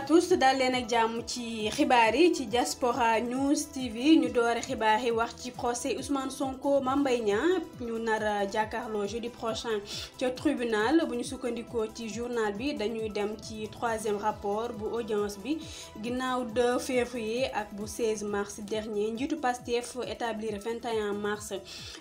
bonjour à tous daal leen ak ci xibaar ci Diaspora News TV ñu doore xibaar yi wax ci procès Ousmane Sonko Mame Mbaye Niang ñu nar a jeudi prochain ci tribunal buñu sukkandiko ci journal bi dañuy dem ci troisième rapport bu audience bi ginnaaw 2 février ak bu 16 mars dernier njiitu Pastef établir 21 mars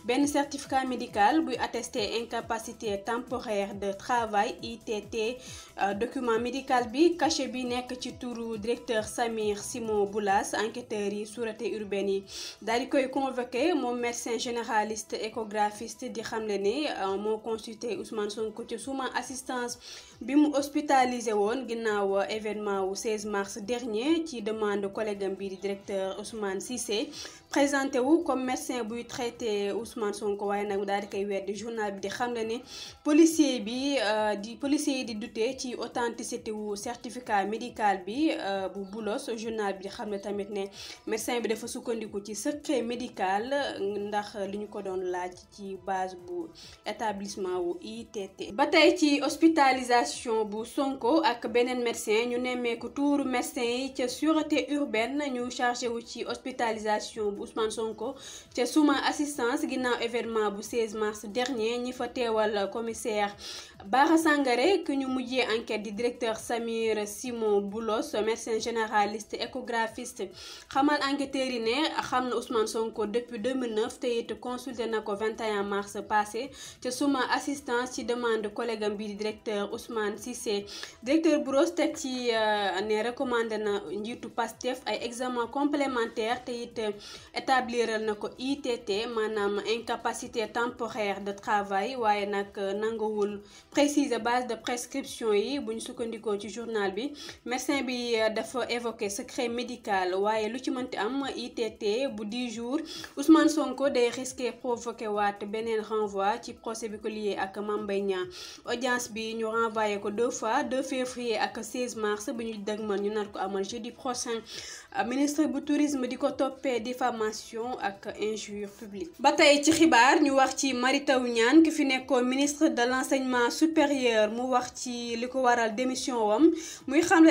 Ben certificat médical bu attesté incapacité temporaire de travail ITT euh, document médical bi caché. bi ci turu directeur Samir Simon Boulas enquêteur yi sûreté urbaine yi daal koy convoqué mon médecin généraliste échographiste di xamlé ne euh, moo consulté Ousmane Sonko ci suma assistance bimu hospitalisé won ginnaw euh, événement wu 16 mars dernier ci demande collègue bi directeur Ousmane Cissé présenté wu comme médecin buy traité Ousmane Sonko waaye nak dal di koy weddi journal bi di xamlé ne policier bi euh, di policier di dute ci authenticité wu certificat médical médical bi euh, bu Boulos journal bi tamit ne bi secret médical ndax base établissement hospitalisation bu Sonko ak beneen médecin ñu nemmeeku médecin yi urbaine ñu chargé wu ci hospitalisation bu Ousmane Sonko Sous assistance événement bu 16 mars dernier ñi fa commissaire Bara Sangaré que enquête directeur Samir Simon. Boulos médecin généraliste échographiste xamal enquêteur yi ne Ousmane Sonko depuis 2009 te it consulté le 21 mars passé ci suma assistance ci demande collègue bi directeur Ousmane Cissé directeur Boulos teg ci euh, ne recommandé na Pastef ay examen complémentaire te établir établir ITT manam incapacité temporaire de travail waye nak euh, nangawul précise base de prescription yi buñ sukkandikoo ci journal bi médecin bi euh, dafa évoqué secret médical waaye lu ci mënti am ITT bu 10 jours Ousmane Sonko day risqué provoqué waat beneen renvoi ci procès bi ko lié ak Mame Mbaye audience bi ñu renvoyé ko deux fois 2 février ak 16 mars bi ñu dëgmal ñu nar ko amal jeudi prochain euh, ministre bu tourisme di ko toppee diffamation ak injure publique. ba tey ci xibaar ñu wax ci Mary Teuw Niane ki fi ministre de l'enseignement supérieur mu wax ci li ko waral démission wam muy xamle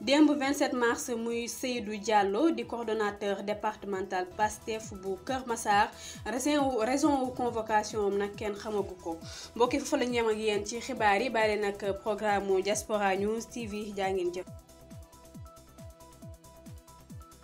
demb 27 mars muy Seydou Diallo di coordonnateur départemental PASTEF bu keur Massar raison raison wu convocation nak ken xamako ko mbokk foofu la ñu ak yeen ci xibaar yi bàyyi programme Diaspora News TV jaa ngeen